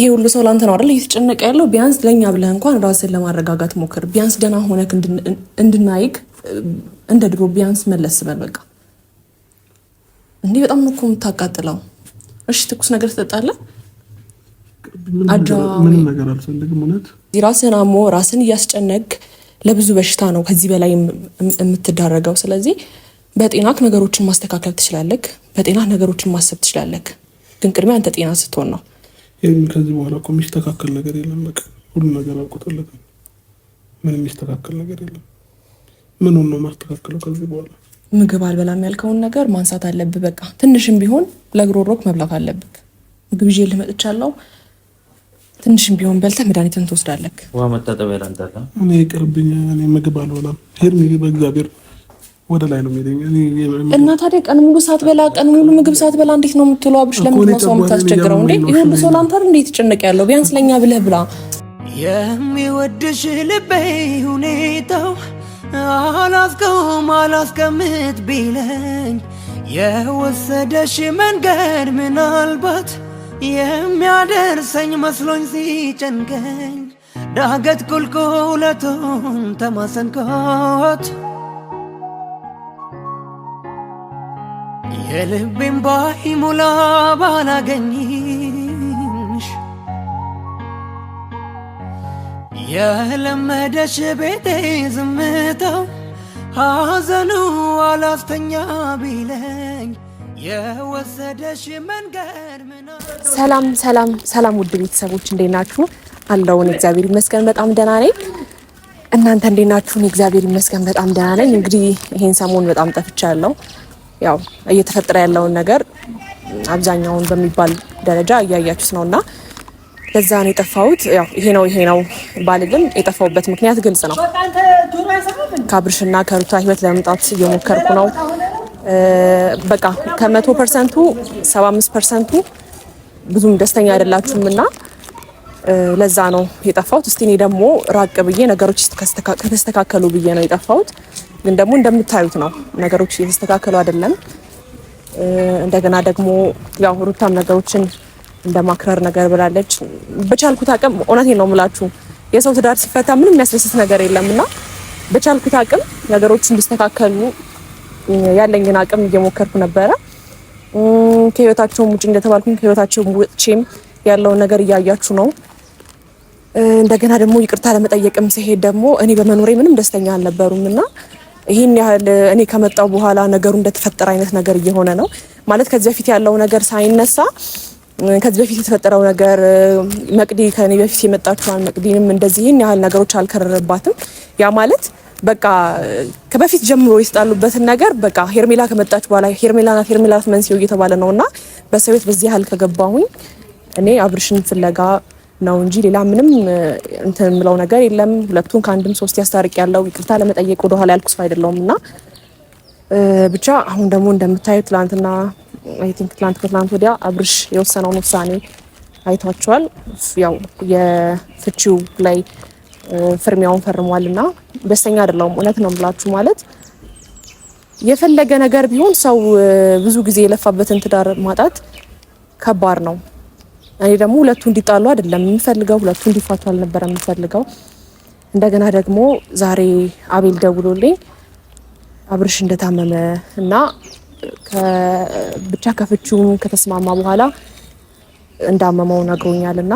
ይሄ ሁሉ ሰው ላንተ ነው አይደል እየተጨነቀ ያለው? ቢያንስ ለእኛ ብለህ እንኳን ራስን ለማረጋጋት ሞክር። ቢያንስ ደህና ሆነክ እንድናይክ እንደ ድሮ ቢያንስ መለስ በል። በቃ እንዲህ በጣም እኮ የምታቃጥለው። እሺ ትኩስ ነገር ትጠጣለህ። ምንም ነገር አልፈልግም። እውነት ራስን አሞ ራስን እያስጨነቅ ለብዙ በሽታ ነው ከዚህ በላይ የምትዳረገው። ስለዚህ በጤናክ ነገሮችን ማስተካከል ትችላለክ። በጤናክ ነገሮችን ማሰብ ትችላለክ። ግን ቅድሚያ አንተ ጤና ስትሆን ነው ይህም ከዚህ በኋላ እኮ የሚስተካከል ነገር የለም። በቃ ሁሉ ነገር አብቅቶለታል። ምን የሚስተካከል ነገር የለም። ምን ነው ማስተካከለው? ከዚህ በኋላ ምግብ አልበላም ያልከውን ነገር ማንሳት አለብህ። በቃ ትንሽም ቢሆን ለግሮሮክ መብላት አለብህ። ምግብ ይዤ ልመጥቻለሁ። ትንሽም ቢሆን በልተህ መድኃኒትን ትወስዳለህ። ውሃ መታጠቢያ ላምጣልህ። እኔ ቅርብኛ እኔ ምግብ አልበላም። ሄድ ምግብ እግዚአብሔር ወደ ላይ ነው እና ታዲያ ቀን ሙሉ ሳትበላ ቀን ሙሉ ምግብ ሳትበላ እንዴት ነው የምትለው? አብሽ ለምን ነው ሰው የምታስቸግረው? እንዴ ይህ ሁሉ ሰው እንዴት ጭንቅ ያለው? ቢያንስ ለእኛ ብለህ ብላ። የሚወድሽ ልቤ ሁኔታው አላስቀውም አላስቀምጥ ቢለኝ የወሰደሽ መንገድ ምናልባት የሚያደርሰኝ መስሎኝ ሲጨንቀኝ ዳገት ቁልቁለቱን ተማሰንኳት ባይ ባይሞላ ባላገኝሽ የለመደሽ ቤቴ ዝምታው ሐዘኑ አላስተኛ ቢለኝ የወሰደሽ መንገድ ምና ሰላም ሰላም ሰላም፣ ውድ ቤተሰቦች እንዴት ናችሁ? አለውን እግዚአብሔር ይመስገን በጣም ደህና ነኝ። እናንተ እንዴት ናችሁ? እግዚአብሔር ይመስገን በጣም ደህና ነኝ። እንግዲህ ይህን ሰሞን በጣም ጠፍቻለሁ። ያው እየተፈጠረ ያለውን ነገር አብዛኛውን በሚባል ደረጃ እያያችሁት ነው እና ለዛ ነው የጠፋሁት። ያው ይሄ ነው ይሄ ነው ባልልም የጠፋሁበት ምክንያት ግልጽ ነው። ከአብርሽና ከሩታ ህይወት ለመምጣት እየሞከርኩ ነው። በቃ ከመቶ ፐርሰንቱ ሰባ አምስት ፐርሰንቱ ብዙም ደስተኛ አይደላችሁም እና ለዛ ነው የጠፋሁት። እስቲ እኔ ደግሞ ራቅ ብዬ ነገሮች ከተስተካከሉ ብዬ ነው የጠፋሁት። ግን ደግሞ እንደምታዩት ነው ነገሮች እየተስተካከሉ አይደለም። እንደገና ደግሞ ያው ሩታም ነገሮችን እንደማክረር ነገር ብላለች። በቻልኩት አቅም እውነቴን ነው የምላችሁ የሰው ትዳር ሲፈታ ምንም የሚያስደስት ነገር የለም እና በቻልኩት አቅም ነገሮች እንዲስተካከሉ ያለኝን አቅም እየሞከርኩ ነበረ። ከህይወታቸውም ውጭ እንደተባልኩኝ ከህይወታቸውም ውጭም ያለውን ነገር እያያችሁ ነው። እንደገና ደግሞ ይቅርታ ለመጠየቅም ሲሄድ ደግሞ እኔ በመኖሬ ምንም ደስተኛ አልነበሩም እና ይህን ያህል እኔ ከመጣው በኋላ ነገሩ እንደተፈጠረ አይነት ነገር እየሆነ ነው ማለት ከዚህ በፊት ያለው ነገር ሳይነሳ ከዚህ በፊት የተፈጠረው ነገር መቅዲ ከኔ በፊት የመጣችኋል መቅዲንም እንደዚህ ይህን ያህል ነገሮች አልከረረባትም። ያ ማለት በቃ ከበፊት ጀምሮ የተጣሉበትን ነገር በቃ ሄርሜላ ከመጣች በኋላ ሄርሜላ ናት ሄርሜላ መንስኤው እየተባለ ነው እና በሰው ቤት በዚህ ያህል ከገባሁኝ እኔ አብርሽን ፍለጋ ነው እንጂ ሌላ ምንም እንትን የምለው ነገር የለም። ሁለቱን ከአንድም ሶስት ያስታርቅ ያለው ይቅርታ ለመጠየቅ ወደኋላ ያልኩ ሰው አይደለሁም እና ብቻ አሁን ደግሞ እንደምታዩ ትላንትና አይ ቲንክ ትላንት ከትላንት ወዲያ አብርሽ የወሰነውን ውሳኔ አይቷቸዋል። ያው የፍቺው ላይ ፍርሚያውን ፈርሟል እና ደስተኛ አይደለሁም። እውነት ነው የምላችሁ ማለት የፈለገ ነገር ቢሆን ሰው ብዙ ጊዜ የለፋበትን ትዳር ማጣት ከባድ ነው። እኔ ደግሞ ሁለቱ እንዲጣሉ አይደለም የምፈልገው፣ ሁለቱ እንዲፋቱ አልነበረ የምፈልገው። እንደገና ደግሞ ዛሬ አቤል ደውሎልኝ አብርሽ እንደታመመ እና ብቻ ከፍቹም ከተስማማ በኋላ እንዳመመው ነግሮኛል እና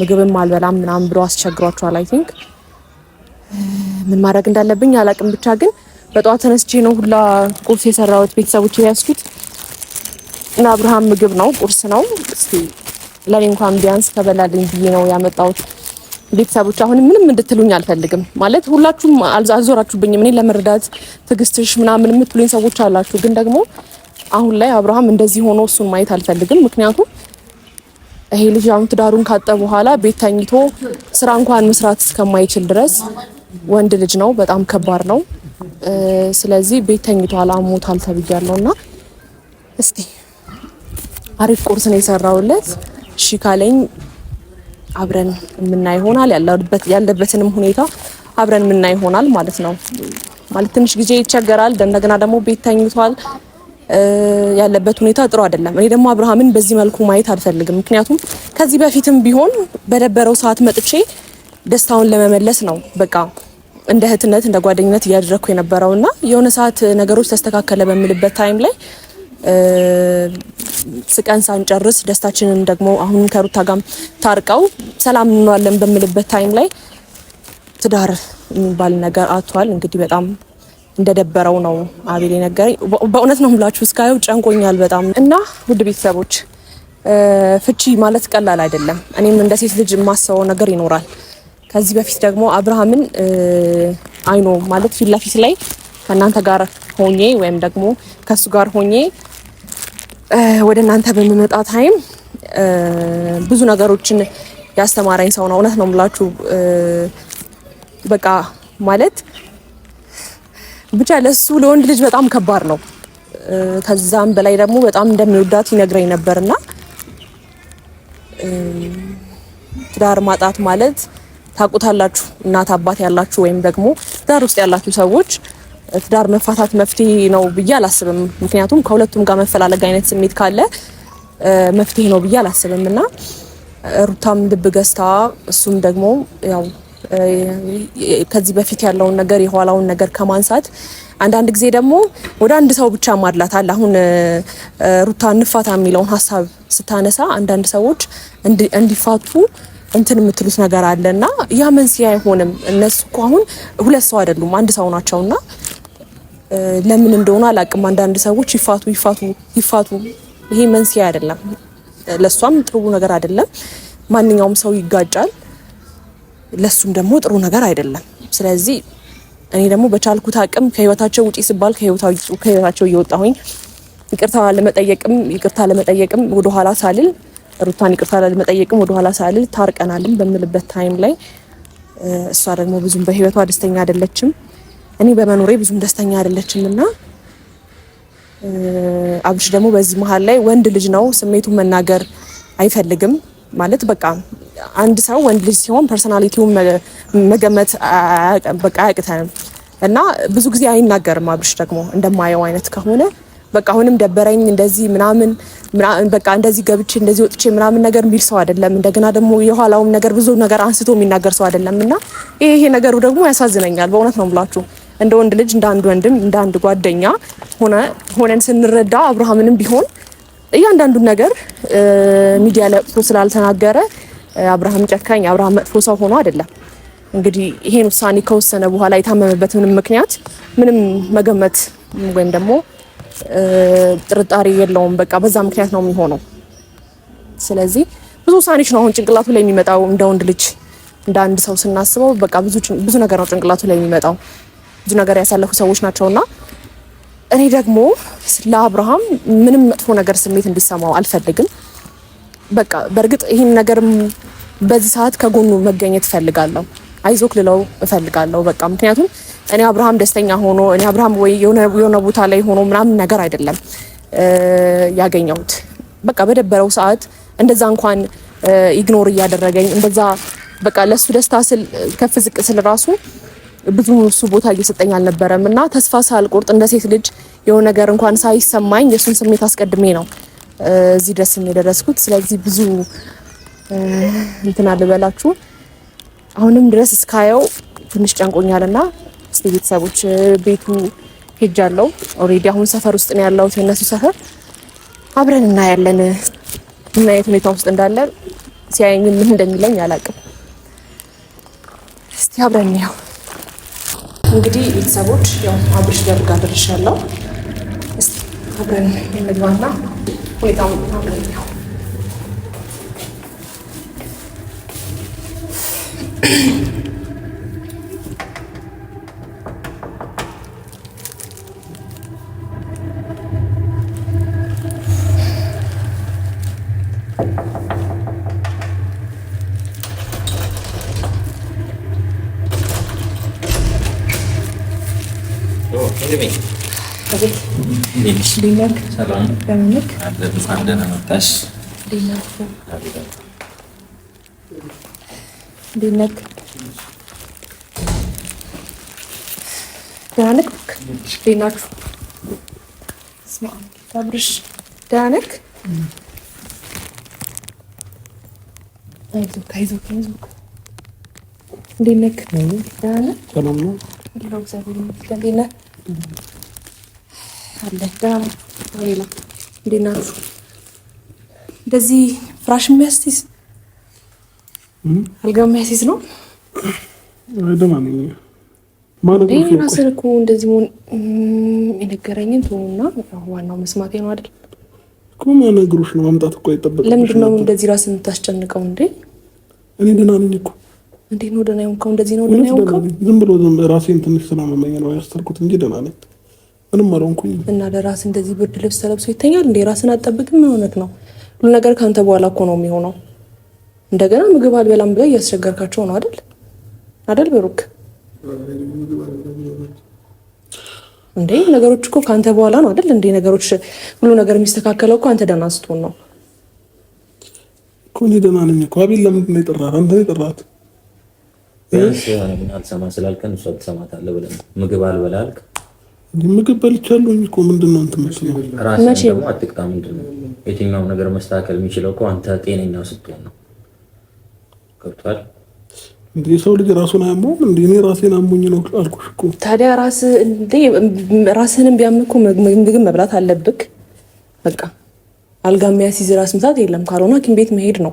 ምግብም አልበላም ምናምን ብሎ አስቸግሯቸዋል። አይ ቲንክ ምን ማድረግ እንዳለብኝ አላቅም። ብቻ ግን በጠዋት ተነስቼ ነው ሁላ ቁርስ የሰራሁት ቤተሰቦች ያስኩት ለአብርሃም ምግብ ነው፣ ቁርስ ነው። እስቲ ለኔ እንኳን ቢያንስ ከበላልኝ ብዬ ነው ያመጣሁት። ቤተሰቦች አሁን ምንም እንድትሉኝ አልፈልግም። ማለት ሁላችሁም አልዞራችሁብኝም። እኔ ለመረዳት ትግስትሽ ምናምን የምትሉኝ ሰዎች አላችሁ፣ ግን ደግሞ አሁን ላይ አብርሃም እንደዚህ ሆኖ እሱን ማየት አልፈልግም። ምክንያቱም ይሄ ልጅ አሁን ትዳሩን ካጠ በኋላ ቤት ተኝቶ ስራ እንኳን መስራት እስከማይችል ድረስ ወንድ ልጅ ነው፣ በጣም ከባድ ነው። ስለዚህ ቤት ተኝቶ አላሞታል ተብያለሁ እና እስቲ አሪፍ ቁርስ ነው የሰራውለት። እሺ ካለኝ አብረን የምናይ ይሆናል። ያለበትንም ሁኔታ አብረን የምናይ ይሆናል ማለት ነው። ማለት ትንሽ ጊዜ ይቸገራል። እንደገና ደግሞ ቤት ተኝቷል። ያለበት ሁኔታ ጥሩ አይደለም። እኔ ደግሞ አብርሃምን በዚህ መልኩ ማየት አልፈልግም። ምክንያቱም ከዚህ በፊትም ቢሆን በደበረው ሰዓት መጥቼ ደስታውን ለመመለስ ነው በቃ እንደ እህትነት እንደ ጓደኝነት እያደረግኩ የነበረውና የሆነ ሰዓት ነገሮች ተስተካከለ በሚልበት ታይም ላይ ስቀን ሳንጨርስ ደስታችንን ደግሞ አሁን ከሩታ ጋም ታርቀው ሰላም እንሆናለን በምልበት ታይም ላይ ትዳር የሚባል ነገር አቷል። እንግዲህ በጣም እንደደበረው ነው አቤል የነገረኝ። በእውነት ነው ምላችሁ እስካየው ጨንቆኛል በጣም እና ውድ ቤተሰቦች ፍቺ ማለት ቀላል አይደለም። እኔም እንደ ሴት ልጅ የማስበው ነገር ይኖራል። ከዚህ በፊት ደግሞ አብርሃምን አይኖ ማለት ፊት ለፊት ላይ ከእናንተ ጋር ሆኜ ወይም ደግሞ ከእሱ ጋር ሆኜ ወደ እናንተ በሚመጣ ታይም ብዙ ነገሮችን ያስተማረኝ ሰው ነው። እውነት ነው የምላችሁ። በቃ ማለት ብቻ ለሱ ለወንድ ልጅ በጣም ከባድ ነው። ከዛም በላይ ደግሞ በጣም እንደሚወዳት ይነግረኝ ነበርና ትዳር ማጣት ማለት ታውቁታላችሁ፣ እናት አባት ያላችሁ ወይም ደግሞ ትዳር ውስጥ ያላችሁ ሰዎች ትዳር መፋታት መፍትሄ ነው ብዬ አላስብም። ምክንያቱም ከሁለቱም ጋር መፈላለግ አይነት ስሜት ካለ መፍትሄ ነው ብዬ አላስብም እና ሩታም ልብ ገዝታ እሱም ደግሞ ያው ከዚህ በፊት ያለውን ነገር የኋላውን ነገር ከማንሳት አንዳንድ ጊዜ ደግሞ ወደ አንድ ሰው ብቻ ማድላት አለ። አሁን ሩታ እንፋታ የሚለውን ሀሳብ ስታነሳ አንዳንድ ሰዎች እንዲፋቱ እንትን የምትሉት ነገር አለ እና ያ መንስኤ አይሆንም። እነሱ እኮ አሁን ሁለት ሰው አይደሉም፣ አንድ ሰው ናቸውና ለምን እንደሆነ አላቅም። አንዳንድ ሰዎች ይፋቱ ይፋቱ ይፋቱ፣ ይሄ መንስኤ አይደለም፣ ለእሷም ጥሩ ነገር አይደለም። ማንኛውም ሰው ይጋጫል፣ ለሱም ደግሞ ጥሩ ነገር አይደለም። ስለዚህ እኔ ደግሞ በቻልኩት አቅም ከህይወታቸው ውጪ ስባል ከህይወታቸው እየወጣሁኝ ይቅርታ ለመጠየቅም ይቅርታ ለመጠየቅም ኋላ ሳልል ሩታን ይቅርታ ለመጠየቅም ኋላ ሳልል ታርቀናልም በምልበት ታይም ላይ እሷ ደግሞ ብዙም በህይወቷ ደስተኛ አይደለችም። እኔ በመኖሬ ብዙም ደስተኛ አይደለችም እና አብርሽ ደግሞ በዚህ መሀል ላይ ወንድ ልጅ ነው፣ ስሜቱን መናገር አይፈልግም ማለት በቃ አንድ ሰው ወንድ ልጅ ሲሆን ፐርሰናሊቲውን መገመት በቃ አያቅተንም እና ብዙ ጊዜ አይናገርም። አብርሽ ደግሞ እንደማየው አይነት ከሆነ በቃ አሁንም ደበረኝ እንደዚህ ምናምን በቃ እንደዚህ ገብቼ እንደዚህ ወጥቼ ምናምን ነገር የሚል ሰው አይደለም። እንደገና ደግሞ የኋላውም ነገር ብዙ ነገር አንስቶ የሚናገር ሰው አይደለም እና ይሄ ይሄ ነገሩ ደግሞ ያሳዝነኛል። በእውነት ነው ብላችሁ እንደ ወንድ ልጅ እንደ አንድ ወንድም እንደ አንድ ጓደኛ ሆነን ስንረዳ አብርሃምንም ቢሆን እያንዳንዱን ነገር ሚዲያ ላይ ስላልተናገረ አብርሃም ጨካኝ፣ አብርሃም መጥፎ ሰው ሆኖ አይደለም። እንግዲህ ይሄን ውሳኔ ከወሰነ በኋላ የታመመበት ምንም ምክንያት ምንም መገመት ወይም ደግሞ ጥርጣሬ የለውም። በቃ በዛ ምክንያት ነው የሚሆነው። ስለዚህ ብዙ ውሳኔዎች ነው አሁን ጭንቅላቱ ላይ የሚመጣው እንደ ወንድ ልጅ እንደ አንድ ሰው ስናስበው በቃ ብዙ ነገር ነው ጭንቅላቱ ላይ የሚመጣው። ብዙ ነገር ያሳለፉ ሰዎች ናቸውና እኔ ደግሞ ለአብርሃም ምንም መጥፎ ነገር ስሜት እንዲሰማው አልፈልግም። በቃ በእርግጥ ይህን ነገር በዚህ ሰዓት ከጎኑ መገኘት እፈልጋለሁ፣ አይዞክ ልለው እፈልጋለሁ። በቃ ምክንያቱም እኔ አብርሃም ደስተኛ ሆኖ እኔ አብርሃም ወይ የሆነ ቦታ ላይ ሆኖ ምናምን ነገር አይደለም ያገኘሁት። በቃ በደበረው ሰዓት እንደዛ እንኳን ኢግኖር እያደረገኝ እንደዛ በቃ ለእሱ ደስታ ስል ከፍ ዝቅ ስል ራሱ ብዙ እሱ ቦታ እየሰጠኝ አልነበረም እና ተስፋ ሳልቆርጥ እንደ ሴት ልጅ የሆነ ነገር እንኳን ሳይሰማኝ የእሱን ስሜት አስቀድሜ ነው እዚህ ደስ የደረስኩት። ስለዚህ ብዙ እንትን አልበላችሁ። አሁንም ድረስ እስካየው ትንሽ ጨንቆኛል እና እስቲ ቤተሰቦች ቤቱ ሄጃለሁ። ኦልሬዲ አሁን ሰፈር ውስጥ ነው ያለሁት፣ የእነሱ ሰፈር አብረን እናያለን። ምን አይነት ሁኔታ ውስጥ እንዳለ ሲያየኝ ምን እንደሚለኝ አላውቅም። እስቲ አብረን ያው እንግዲህ ቤተሰቦች ያው አብርሽ ደርጋ ድርሻ ያለው አብረን የምግባና ሁኔታው አብረን ነው። Thank ደህና ነህ? አይዞህ አይዞህ አይዞህ። እንዴት ነህ? ደህና ነህ? ሰላም ነው። እግዚአብሔር ይመስገን። እንዴት ነህ? አለ ደህና ነው። እንዴት ናችሁ? እንደዚህ ፍራሽ የሚያስይዝ አልጋ የሚያስይዝ ነው። ደህና ነኝ። ራስህን እኮ እንደዚህ መሆን የነገረኝን ትሆኑና ዋናው መስማቴ ነው አይደል? ቁም ነገሮች ነው ማምጣት እኮ አይጠበቅም። ለምንድን ነው እንደዚህ ራስህን የምታስጨንቀው እንዴ? እኔ ደህና ነኝ እኮ እንዴት ነው ደህና የሆንከው? እንደዚህ ነው ደህና የሆንከው? ዝም ብሎ ዝም ራሴን ትንሽ ስላመመኝ ነው ያስተርኩት እንጂ ደህና ነኝ፣ ምንም አልሆንኩኝ። እና ለራስ እንደዚህ ብርድ ልብስ ተለብሶ ይተኛል እንዴ? ራስን አጠብቅም። ምን ነው? ሁሉ ነገር ከአንተ በኋላ እኮ ነው የሚሆነው። እንደገና ምግብ አልበላም ብለህ እያስቸገርካቸው ነው አይደል? አይደል ብሩክ? እንዴ ነገሮች እኮ ከአንተ በኋላ ነው አይደል? እንዴ ነገሮች ሁሉ ነገር የሚስተካከለው እኮ አንተ ደህና ስትሆን ነው እኮ። እኔ ደህና ነኝ እኮ። አቤል ለምንድን ነው የጠራህ? አንተ ነው የጠራህ ቢያንስ አልሰማ ስላልከን እሷ ትሰማታለህ ብለን ምግብ አልበላ አልክ። ምግብ በልቻለሁ እኮ ምንድን ነው እንትን መስሎኝ። ራስህን ደግሞ አትቅጣ። ምንድን ነው የትኛውም ነገር መስተካከል የሚችለው እኮ አንተ ጤነኛው ስትሆን ነው። ገብቶሃል? የሰው ልጅ ራሱን አያመውም። እንደ እኔ ራሴን አሞኝ ነው አልኩሽ እኮ። ታዲያ ራስህንም ቢያምኩ ምግብ መብላት አለብክ። በቃ አልጋ የሚያስይዝ ራስ ምታት የለም። ካልሆነ ሐኪም ቤት መሄድ ነው።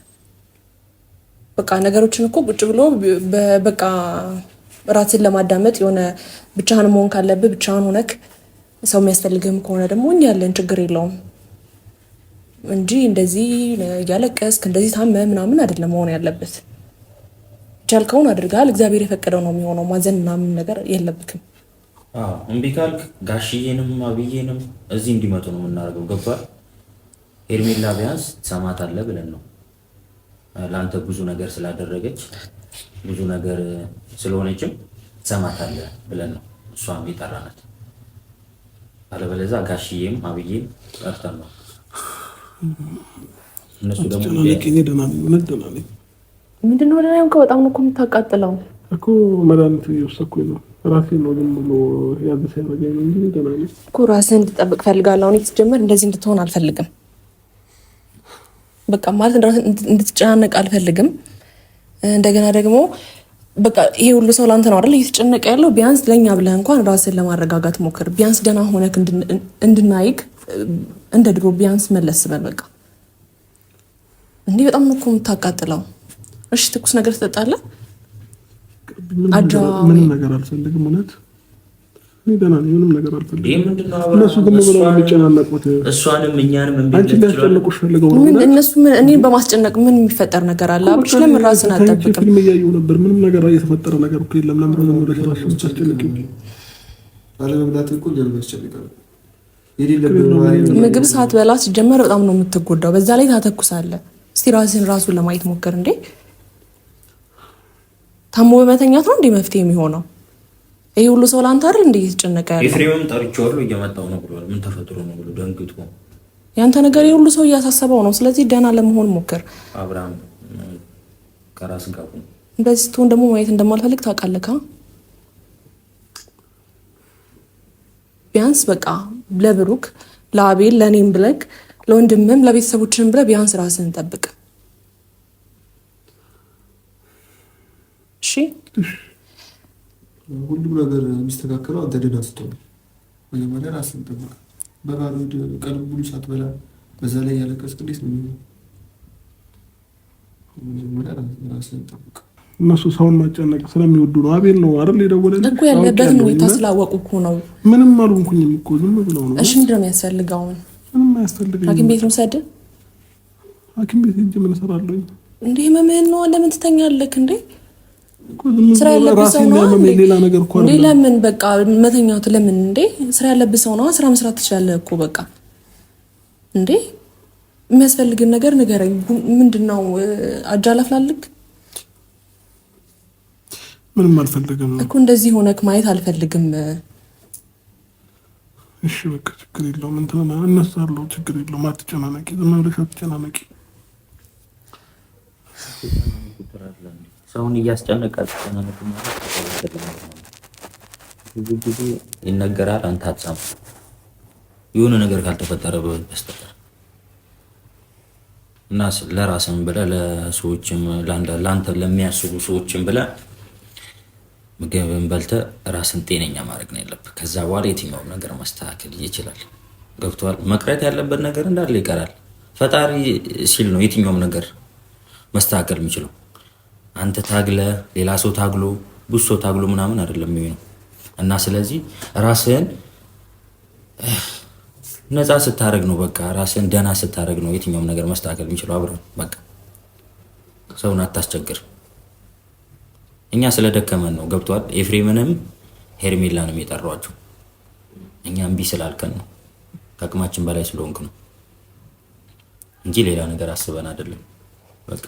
በቃ ነገሮችን እኮ ቁጭ ብሎ በቃ ራስን ለማዳመጥ የሆነ ብቻህን መሆን ካለብህ ብቻህን ሆነክ ሰው የሚያስፈልግህም ከሆነ ደግሞ እኛ ያለን ችግር የለውም እንጂ እንደዚህ እያለቀስክ እንደዚህ ታመ ምናምን አይደለም መሆን ያለበት። ቻልከውን አድርገሃል። እግዚአብሔር የፈቀደው ነው የሚሆነው። ማዘን ምናምን ነገር የለብክም። እምቢ ካልክ ጋሽዬንም አብዬንም እዚህ እንዲመጡ ነው የምናደርገው። ገባል ሄርሜላ ቢያንስ አለ ብለን ነው ለአንተ ብዙ ነገር ስላደረገች ብዙ ነገር ስለሆነችም ትሰማታለህ ብለን ነው እሷም የጠራናት። አለበለዛ ጋሽዬም አብዬም ጠርተን ነው እነሱ ደግሞ ምንድነው ደህና ከ በጣም ነው እኮ የምታቃጥለው እኮ መድኃኒት እየወሰድኩኝ ነው። ራሴ ነው ግን ብሎ ያዘ ሳይረገኝ ነው እንጂ ደህና ነኝ እኮ። ራስህ እንድጠብቅ ፈልጋለሁ። አሁን የተጀመር እንደዚህ እንድትሆን አልፈልግም። በቃ ማለት እንድትጨናነቅ አልፈልግም። እንደገና ደግሞ በቃ ይሄ ሁሉ ሰው ላንተ ነው አይደል እየተጨነቀ ያለው? ቢያንስ ለእኛ ብለህ እንኳን ራስን ለማረጋጋት ሞክር። ቢያንስ ደህና ሆነህ እንድናይክ እንደ ድሮ ቢያንስ መለስ በል። በቃ እንዲህ በጣም እኮ የምታቃጥለው። እሺ ትኩስ ነገር ትጠጣለህ? ምንም ነገር አልፈልግም እውነት ደህና ነኝ፣ ምንም ነገር አልፈልግም። እነሱ እኔን በማስጨነቅ ምን የሚፈጠር ነገር አለ? አብርሽ ለምን ራስን አጠብቅም? ፊልም እያየሁ ነበር። ምንም ነገር ነገር እኮ የለም። ነው ወደ ሲጀመር በጣም ነው የምትጎዳው። በዛ ላይ ታተኩሳለህ። እስቲ ራስን ራሱን ለማየት ሞክር እንዴ። ታሞ በመተኛት ነው እንዴ መፍትሄ የሚሆነው? ይሄ ሁሉ ሰው ለአንተ አይደል እንዴ የተጨነቀ ያለ? ኤፍሬምም ጠርቼዋለሁ እየመጣሁ ነው ብሏል። ምን ተፈጥሮ ነው ብሎ ደንግጦ ያንተ ነገር የሁሉ ሰው እያሳሰበው ነው። ስለዚህ ደህና ለመሆን ሞክር አብርሃም። ከራስ ጋር እንደዚህ ስትሆን ደግሞ ማየት እንደማልፈልግ ታውቃለህ። ቢያንስ በቃ ለብሩክ፣ ለአቤል፣ ለእኔም ብለህ ለወንድምም ለቤተሰቦችህም ብለህ ቢያንስ ራስህን ጠብቅ እሺ። ሁሉም ነገር የሚስተካከለው አንተ ደህና ስትሆን መጀመሪያ ራስን ጠብቅ። በባዶ ቀንም ሙሉ ሳትበላ በዛ ላይ ያለቀስ እንዴት ነው የሚሆነው? መጀመሪያ ራስን ጠብቅ። እነሱ ሰውን ማጨነቅ ስለሚወዱ ነው። አቤል ነው አይደል የደወለ እኮ ያለበትን ሁኔታ ስላወቁ እኮ ነው። ምንም አልሆንኩኝም እኮ ዝም ብለው ነው። እሺ ምንድን ነው የሚያስፈልገው? ምንም አያስፈልገኝም። ሐኪም ቤት ነው ውሰድ። ሐኪም ቤት ሂጅ። ምን እሰራለሁ እንዴ? መምህን ነው። ለምን ትተኛለህ እንዴ? ስራ ያለብህ ሰው ለምን በቃ መተኛት ለምን? እንዴ ስራ ያለብህ ሰው ነው። ስራ መስራት ትችላለህ እኮ በቃ። እንዴ የሚያስፈልግን ነገር ንገረኝ። ምንድን ነው አጃላፍ ምንም አልፈልግም እኮ እንደዚህ ሆነክ ማየት አልፈልግም። እሺ በቃ ችግር የለውም እንትን እነሳለሁ። ችግር የለውም። አትጨናነቂ፣ ዝም ብለሽ አትጨናነቂ። ሰውን እያስጨነቀ ማለት ብዙ ጊዜ ይነገራል። አንተ አትሰማ የሆነ ነገር ካልተፈጠረ በስተቀር እና ለራስም ብለህ ለሰዎችም ለአንተ ለሚያስቡ ሰዎችም ብለህ ምግብን በልተህ ራስን ጤነኛ ማድረግ ነው ያለብህ። ከዛ በኋላ የትኛውም ነገር ማስተካከል ይችላል። ገብቶሃል? መቅረት ያለበት ነገር እንዳለ ይቀራል። ፈጣሪ ሲል ነው የትኛውም ነገር መስተካከል የሚችለው። አንተ ታግለ ሌላ ሰው ታግሎ ብዙ ሰው ታግሎ ምናምን አይደለም የሚሆነው እና ስለዚህ ራስህን ነፃ ስታደርግ ነው በቃ ራስህን ደህና ስታደረግ ነው የትኛውም ነገር መስተካከል የሚችለው። አብረ በቃ ሰውን አታስቸግር። እኛ ስለደከመን ነው ገብቷል። ኤፍሬምንም ሄርሜላንም የጠሯቸው እኛ እምቢ ስላልከን ነው ከአቅማችን በላይ ስለሆንክ ነው እንጂ ሌላ ነገር አስበን አይደለም በቃ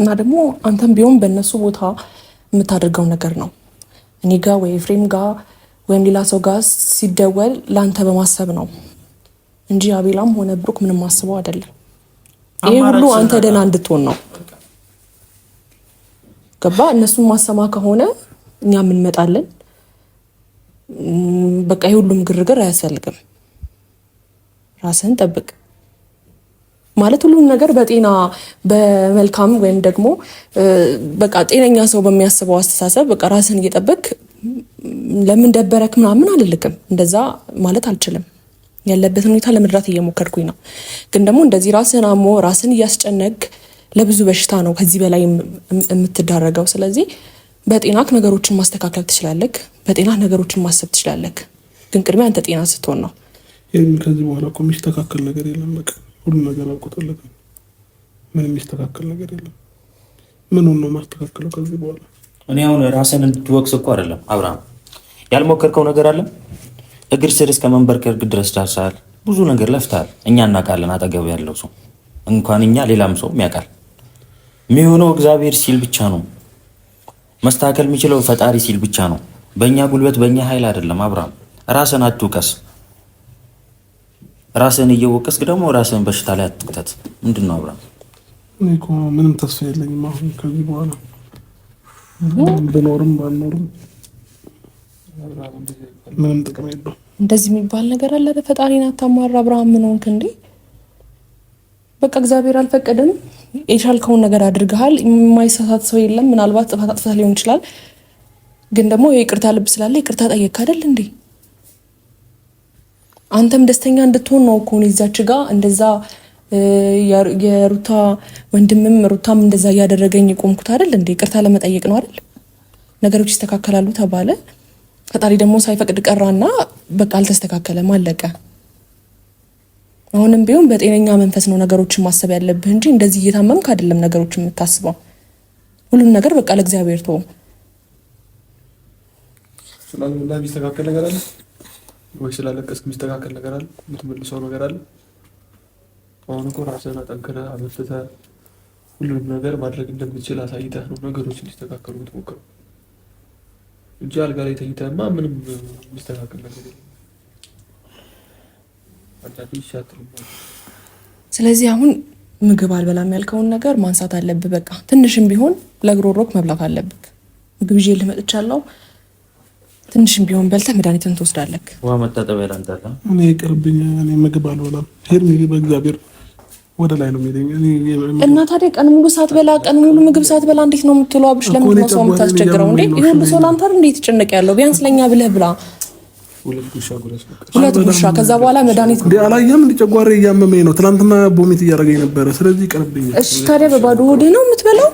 እና ደግሞ አንተም ቢሆን በእነሱ ቦታ የምታደርገው ነገር ነው። እኔ ጋ ወይ ፍሬም ጋ ወይም ሌላ ሰው ጋ ሲደወል ለአንተ በማሰብ ነው እንጂ አቤላም ሆነ ብሩክ ምንም አስበው አይደለም። ይህ ሁሉ አንተ ደህና እንድትሆን ነው። ገባ? እነሱን ማሰማ ከሆነ እኛም እንመጣለን። በቃ የሁሉም ግርግር አያስፈልግም። ራስህን ጠብቅ። ማለት ሁሉም ነገር በጤና በመልካም ወይም ደግሞ በቃ ጤነኛ ሰው በሚያስበው አስተሳሰብ በቃ ራስን እየጠበቅ ለምን ደበረክ ምናምን አልልክም። እንደዛ ማለት አልችልም። ያለበትን ሁኔታ ለመድራት እየሞከርኩኝ ነው። ግን ደግሞ እንደዚህ ራስን አሞ ራስን እያስጨነቅ ለብዙ በሽታ ነው ከዚህ በላይ የምትዳረገው። ስለዚህ በጤናክ ነገሮችን ማስተካከል ትችላለክ። በጤናክ ነገሮችን ማሰብ ትችላለክ። ግን ቅድሚያ አንተ ጤና ስትሆን ነው። ከዚህ በኋላ እኮ የሚስተካከል ነገር የለም በቃ ሁሉ ነገር አብቅቶለታል። ምን የሚስተካከል ነገር የለም። ምኑን ነው ማስተካከለው ከዚህ በኋላ? እኔ አሁን ራስን እንድትወቅስ እኮ አይደለም አብርሃም። ያልሞከርከው ነገር አለ። እግር ስር እስከ መንበርከክ ድረስ ዳርሰሃል። ብዙ ነገር ለፍተሃል። እኛ እናውቃለን። አጠገብ ያለው ሰው እንኳን እኛ ሌላም ሰው ያውቃል። የሚሆነው እግዚአብሔር ሲል ብቻ ነው። መስተካከል የሚችለው ፈጣሪ ሲል ብቻ ነው። በእኛ ጉልበት በእኛ ኃይል አይደለም። አብርሃም ራስን አትውቀስ። ራስህን እየወቀስክ ደግሞ ራስህን በሽታ ላይ አትክተት። ምንድን ነው አብራ ምንም ተስፋ የለኝም አሁን ከዚህ በኋላ ብኖርም ባልኖርም ምንም ጥቅም እንደዚህ የሚባል ነገር አለ። ፈጣሪን አታማራ አብርሃም። ምን ሆንክ እንዴ? በቃ እግዚአብሔር አልፈቀደም። የቻልከውን ነገር አድርገሃል። የማይሳሳት ሰው የለም። ምናልባት ጥፋት አጥፍተህ ሊሆን ይችላል፣ ግን ደግሞ የይቅርታ ልብ ስላለ ይቅርታ ጠየቅ አይደል እንዴ? አንተም ደስተኛ እንድትሆን ነው እኮ ነው እዛች ጋ እንደዛ የሩታ ወንድምም ሩታም እንደዛ እያደረገኝ ቆምኩት አይደል እንዴ? ቅርታ ለመጠየቅ ነው አይደል? ነገሮች ይስተካከላሉ ተባለ። ፈጣሪ ደግሞ ሳይፈቅድ ቀራና በቃ አልተስተካከለም፣ አለቀ። አሁንም ቢሆን በጤነኛ መንፈስ ነው ነገሮችን ማሰብ ያለብህ እንጂ እንደዚህ እየታመምክ አይደለም ነገሮች የምታስበው። ሁሉም ነገር በቃ ለእግዚአብሔር ተወው። ወይ ስላለቀስክ የሚስተካከል ነገር አለ? የምትመልሰው ነገር አለ? አሁን እኮ ራስህን አጠንክረህ አበርትተህ ሁሉንም ነገር ማድረግ እንደምትችል አሳይተህ ነው ነገሮች እንዲስተካከሉ የምትሞክረው እንጂ አልጋ ላይ ተኝተህማ ምንም የሚስተካከል ነገር የለም። አንዳንዴ ይሻትል። ስለዚህ አሁን ምግብ አልበላም ያልከውን ነገር ማንሳት አለብህ። በቃ ትንሽም ቢሆን ለግሮሮክ መብላት አለብህ። ምግብ ይዤ ልመጥቻለሁ ትንሽም ቢሆን በልተህ መድኃኒትን ትወስዳለህ። ውሃ መታጠቢያ ላምጣልህ? እኔ ይቅርብኝ፣ እኔ ምግብ አልበላም። ሄድ ምግብ በእግዚአብሔር ወደ ላይ ነው የሚሄደኝ። እና ታዲያ ቀን ሙሉ ሳትበላ ቀን ሙሉ ምግብ ሳትበላ እንዴት ነው የምትውለው? አብሽ ለምንድን ነው ሰው የምታስቸግረው? እንዴ ይህ ሁሉ ሰው ላንተ እንዴ የተጨነቀ ያለው? ቢያንስ ለእኛ ብለህ ብላ ሁለት ጉርሻ፣ ከዛ በኋላ መድኃኒት አላየህም? እንደ ጨጓራ እያመመኝ ነው። ትናንትና ቦሚት እያደረገኝ ነበረ። ስለዚህ ይቅርብኝ። እሺ ታዲያ በባዶ ሆድህ ነው የምትበላው?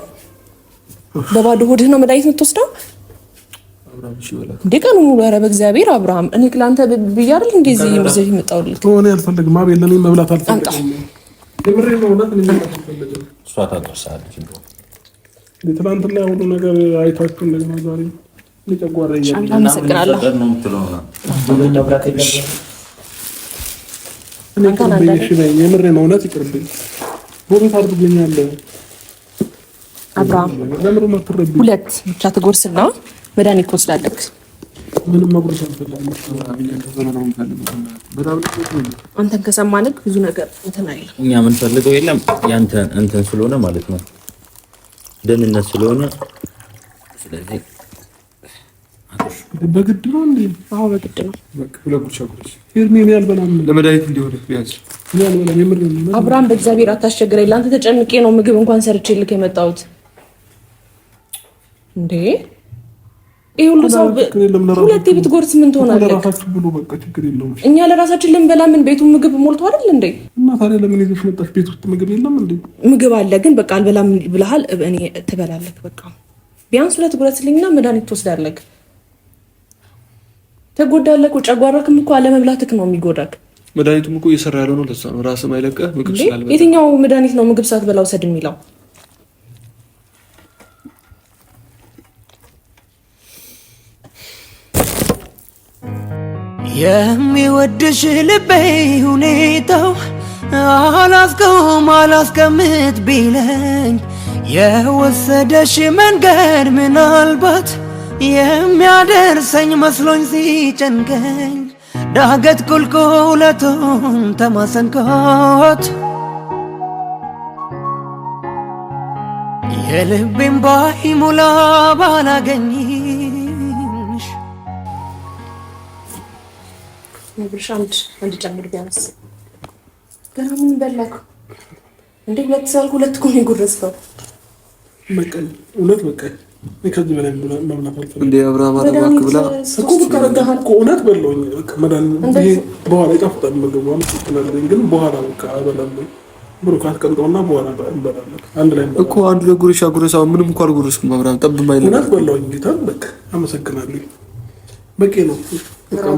በባዶ ሆድህ ነው መድኃኒት የምትወስደው? እንደ ቀኑ ሙሉ ኧረ በእግዚአብሔር አብርሃም፣ እኔ ለአንተ ብዬ አይደል እንደዚህ ይዘሽ የመጣሁልህ። እኔ አልፈልግም አቤል፣ ለእኔ መብላት አልፈልግም። ትናንትና ሁሉ ነገር አይታችሁ እንደገና ዛሬ የምሬን እውነት ይቅርብኝ። ጎረቤት አድርጎኛል አብርሃም። ሁለት ብቻ ነው መድኃኒት ትወስዳለህ። አንተን ከሰማንክ ብዙ ነገር እንትን አይልም። እኛ የምንፈልገው የለም ያንተ እንትን ስለሆነ ማለት ነው ደህንነት ስለሆነ ስለዚህ በግድ ነው እንዴ? አዎ በግድ ነው። አብርሃም በእግዚአብሔር አታስቸግረኝ። ለአንተ ተጨንቄ ነው ምግብ እንኳን ሰርቼልክ የመጣሁት እንዴ ይህ ሁሉ ሰው ሁለቴ ብትጎርስ ምን ትሆናለህ? ለራሳችን እኛ ለራሳችን ልንበላ ምን ቤቱ ምግብ ሞልቶ አይደል እንዴ? እና ታዲያ ለምን ይዘሽ መጣሽ? ቤት ውስጥ ምግብ የለም እንዴ? ምግብ አለ፣ ግን በቃ አልበላም ብለሃል። እኔ ትበላለህ። በቃ ቢያንስ ሁለት ጉረስልኝና መድኃኒት ትወስዳለህ። ተጎዳለህ። ጨጓራክም እኮ አለመብላትክ ነው የሚጎዳክ። መድኃኒቱም እኮ እየሰራ ያለው ነው። ለእሷ ነው ራስህ ምግብ ስላልበላ። የትኛው መድኃኒት ነው ምግብ ሳትበላ ውሰድ የሚለው? የሚወድሽ ልቤ ሁኔታው አላስቀውም አላስቀምጥ ቢለኝ የወሰደሽ መንገድ ምናልባት የሚያደርሰኝ መስሎኝ ሲጨንቀኝ ዳገት ቁልቁለቱን ተማሰንኮት የልቤም ሙላ ባላገኝ ነግርሽ አንድ አንድ ጨምር ቢያንስ ገና ምን በላኩ እንዴ? ሁለት ሳልኩ ሁለት እኮ ነው መቀል በቀል እውነት በቀል ከዚህ በላይ መብላት አልፈልግም። እንደ አብርሃም አረባክ ብላ እኮ በቃ ረዳሃል እኮ እውነት በለውኝ። መድኃኒት ይሄ በኋላ ይጣፍጣል ምግቡ አመሰግናለኝ፣ ግን በኋላ በቃ እበላለሁ። ብሩካት ቀልጠውና በኋላ እንበላለን አንድ ላይ እኮ አንዱ ለጉርሻ ጉረሳ ምንም እኮ አልጎረስኩም። አብርሃም ጠብ ማይለ እውነት በለውኝ። ጌታ በቃ አመሰግናለሁ። በቂ ነው።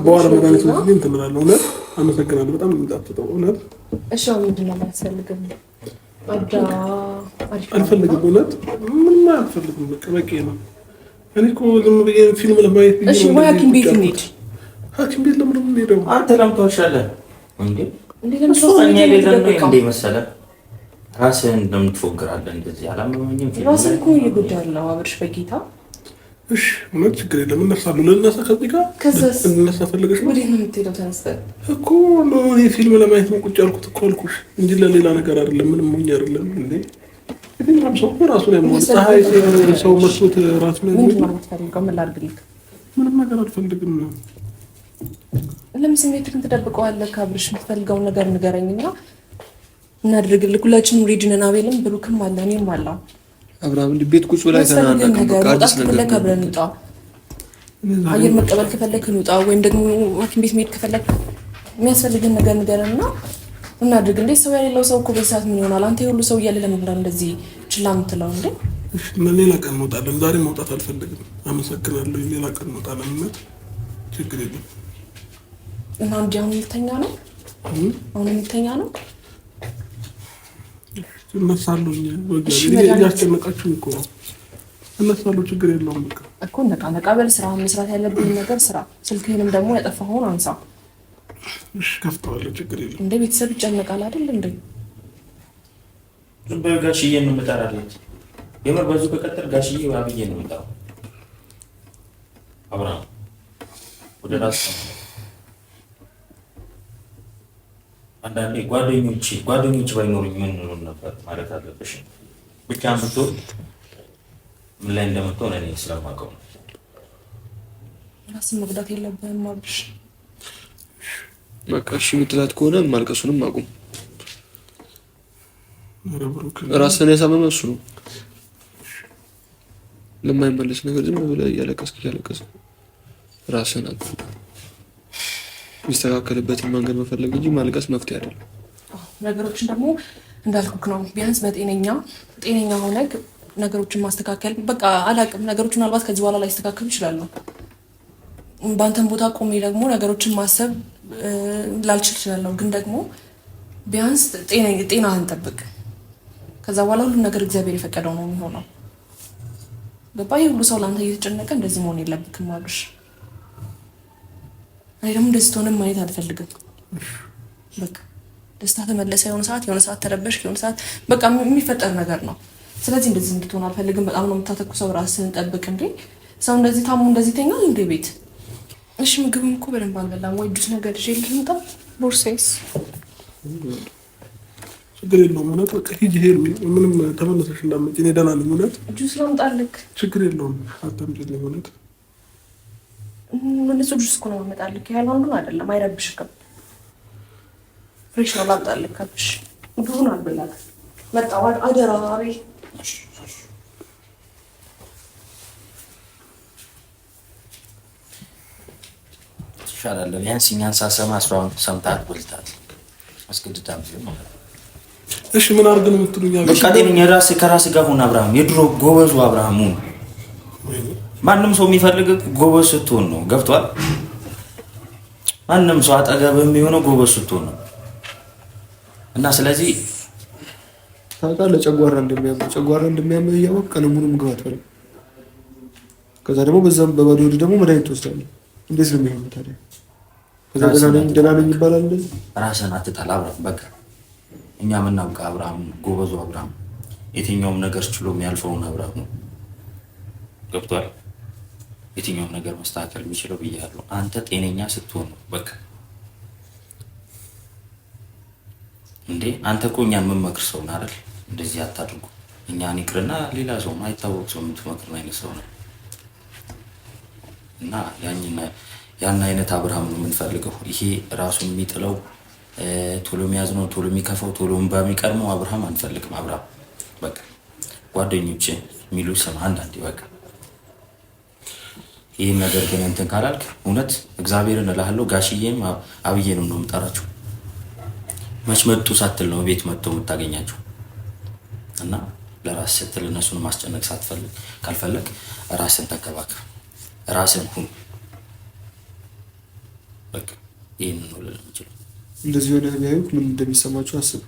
በኋላ መድኃኒት ውስጥ ግን ትምላለህ። እውነት አመሰግናለሁ። በጣም የሚጣፍጠው እውነት። እሺ ምንድን ነው የሚያስፈልግም? አልፈልግም። እውነት ምንም አልፈልግም። በቃ በቂ ነው። እኔ እኮ ዝም ብዬ ፊልም ለማየት ብዬ ነው። ሐኪም ቤት እንሂድ። ሐኪም ቤት ለምን የምንሄደው? አንተ ለምታወሻለህ እንዴ? እንዴ መሰለህ ራስህን እንደምትፎግራለህ እንደዚህ አላመመኝም። ራስህን እኮ ነው አብርሽ በጌታ እሺ ምንም ችግር የለም። እነሳለሁ። ልነሳ ከዚህ ጋር እንነሳ ፈለገሽ ነው እኮ ፊልም ለማየት ነው ቁጭ ያልኩት እኮ አልኩሽ እንጂ ለሌላ ነገር አይደለም። ምንም ሞኝ አይደለም። እንዴ የትኛውም ሰው ራሱን ያመዋል። ፀሐይ ሰው መስሎት ራሱን ምንም ነገር አልፈልግም። ለምን ስሜትህን ትደብቀዋለህ? አብርሽ የምትፈልገው ነገር ንገረኝና እናድርግልህ። ሁላችንም ሬድነን አቤልም ብሩክም አለ እኔም አለሁ አብርሃም እንደ ቤት ቁጭ ብላ አየር መቀበል ከፈለክ እንውጣ፣ ወይም ደግሞ ሐኪም ቤት መሄድ ከፈለክ የሚያስፈልግን ነገር ንገረን እና እናድርግ። እንዴት ሰው ያሌለው ሰው እኮ ሰዓት ምን ይሆናል? አንተ የሁሉ ሰው እያለ ለመምዳት እንደዚህ ችላ የምትለው እንዴ? ሌላ ቀን እንወጣለን። ዛሬ መውጣት አልፈልግም። አመሰግናለሁ። ሌላ ቀን እንወጣለን። እውነት ችግር የለም እና እንዲህ አሁን የሚተኛ ነው አሁን የሚተኛ ነው እነሳለሁ ችግር የለውም እኮ ነቃ ነቃ በል ስራ፣ መስራት ያለብን ነገር ስራ። ስልክህንም ደግሞ ያጠፋኸውን አንሳ። እሺ ከፍተዋለሁ፣ ችግር የለም። እንደ ቤተሰብ ይጨነቃል አይደል? እንደ ዝም በይው ጋሽዬ ነው የምጠራለች። የምር በዚሁ ከቀጠል ጋሽዬ አብዬ ነው የምጠራው። አብራ ወደ ራስ አንዳንዴ ጓደኞች ጓደኞች ባይኖሩኝ ምን ሆን ነበር ማለት አለብሽ። ብቻ ብትሆን ምን ላይ እንደምትሆን እኔ ስለማውቀው ነው። ራስን መጉዳት የለብህም አብርሽ። በቃ እሺ የምትላት ከሆነ ማልቀሱንም አቁም። ራስን ያሳመመ እሱ ነው። ለማይመለስ ነገር ዝም ብለህ እያለቀስክ እያለቀስክ ራስን አቁም። የሚስተካከልበትን መንገድ መፈለግ እንጂ ማልቀስ መፍትሄ አይደለም። ነገሮችን ደግሞ እንዳልኩክ ነው። ቢያንስ በጤነኛ ጤነኛ ሆነ ነገሮችን ማስተካከል በቃ አላቅም። ነገሮች ምናልባት ከዚህ በኋላ ላይስተካከሉ ይችላሉ። በአንተን ቦታ ቆሜ ደግሞ ነገሮችን ማሰብ ላልችል ይችላለሁ። ግን ደግሞ ቢያንስ ጤና አንጠብቅ። ከዛ በኋላ ሁሉም ነገር እግዚአብሔር የፈቀደው ነው የሚሆነው። ገባ? ይህ ሁሉ ሰው ለአንተ እየተጨነቀ እንደዚህ መሆን የለብክም አሉሽ እኔ ደግሞ ደስታውንም ማየት አልፈልግም። በቃ ደስታ ተመለሰ የሆነ ሰዓት የሆነ ሰዓት ተረበሽ የሆነ ሰዓት በቃ የሚፈጠር ነገር ነው። ስለዚህ እንደዚህ እንድትሆን አልፈልግም። በጣም ነው የምታተኩሰው። ራስህን ጠብቅ እንዴ! ሰው እንደዚህ ታሙ እንደዚህ ተኛ እንዴ ቤት? እሺ ምግብም እኮ በደንብ አልበላም ወይ ጁስ ነገር ይዤ ልምጣ? ቦርሴስ ችግር የለውም እውነት በቃ ሂጂ። ምንም ተመለሰሽ እንዳትመጪ እኔ ደህና ነኝ እውነት። ጁስ ላምጣልህ? ችግር የለውም አታምጪልኝ እውነት ንጹህ ጁስ እኮ ነው የምመጣልህ። ያህል አንዱን አይደለም፣ አይረብሽም። ፍሬሽ ነው ላምጣልክ። ከብሽ ብዙን አልበላትም። መጣዋል። አደራሪ ይሻላል። ቢያንስ እኛን ሳሰማ እሷን ሰምታ ጎልታል። አስገድዳም ቢሆን እሺ ምን አርግን የምትሉኛ? የምትሉኝ? በቃ ራሴ ከራሴ ጋር ሆነ አብርሃም፣ የድሮ ጎበዙ አብርሃሙ ማንም ሰው የሚፈልግ ጎበዝ ስትሆን ነው። ገብቷል። ማንም ሰው አጠገብ የሚሆነው ጎበዝ ስትሆን ነው። እና ስለዚህ ታውቃለህ፣ ጨጓራ እንደሚያምህ ጨጓራ እንደሚያምህ እያወቅህ ቀን ሙሉ ምግብ አትበላም። ከዛ ደግሞ በዛም በባዶ ሆድ ደግሞ መድኃኒት ትወስዳለህ። እንዴት ነው የሚሆነው ታዲያ? ከዛ ደህና ነኝ ይባላል። እንደዚህ ራስህን አትጣል። አብርሃም በቃ እኛ የምናውቀው አብርሃም ጎበዙ አብርሃም፣ የትኛውም ነገር ችሎ የሚያልፈውን አብርሃም ነው። ገብቷል። የትኛውም ነገር መስተካከል የሚችለው ብያለሁ። አንተ ጤነኛ ስትሆን ነው። በቃ እንዴ አንተ እኮ እኛን የምመክር ሰውን አይደል? እንደዚህ አታድርጉ እኛን ይቅርና ሌላ ሰው አይታወቅ ሰው የምትመክር አይነት ሰው ነው እና ያን አይነት አብርሃም ነው የምንፈልገው። ይሄ ራሱን የሚጥለው ቶሎ የሚያዝ ነው፣ ቶሎ የሚከፋው፣ ቶሎ እንባ የሚቀርመው አብርሃም አንፈልግም። አብርሃም በቃ ጓደኞች የሚሉ ስም አንዳንዴ በቃ ይህን ነገር ግን እንትን ካላልክ እውነት እግዚአብሔርን እልሃለሁ ጋሽዬም አብዬንም ነው የምጠራቸው። መች መጡ ሳትል ነው ቤት መጥቶ የምታገኛቸው እና ለራስ ስትል እነሱን ማስጨነቅ ሳትፈልግ ካልፈለግ ራስን ተከባከብ፣ ራስን ሁን። ይህን ነው ልል የምችለው። እንደዚህ ሆነ ቢያዩክ ምን እንደሚሰማቸው አስብ።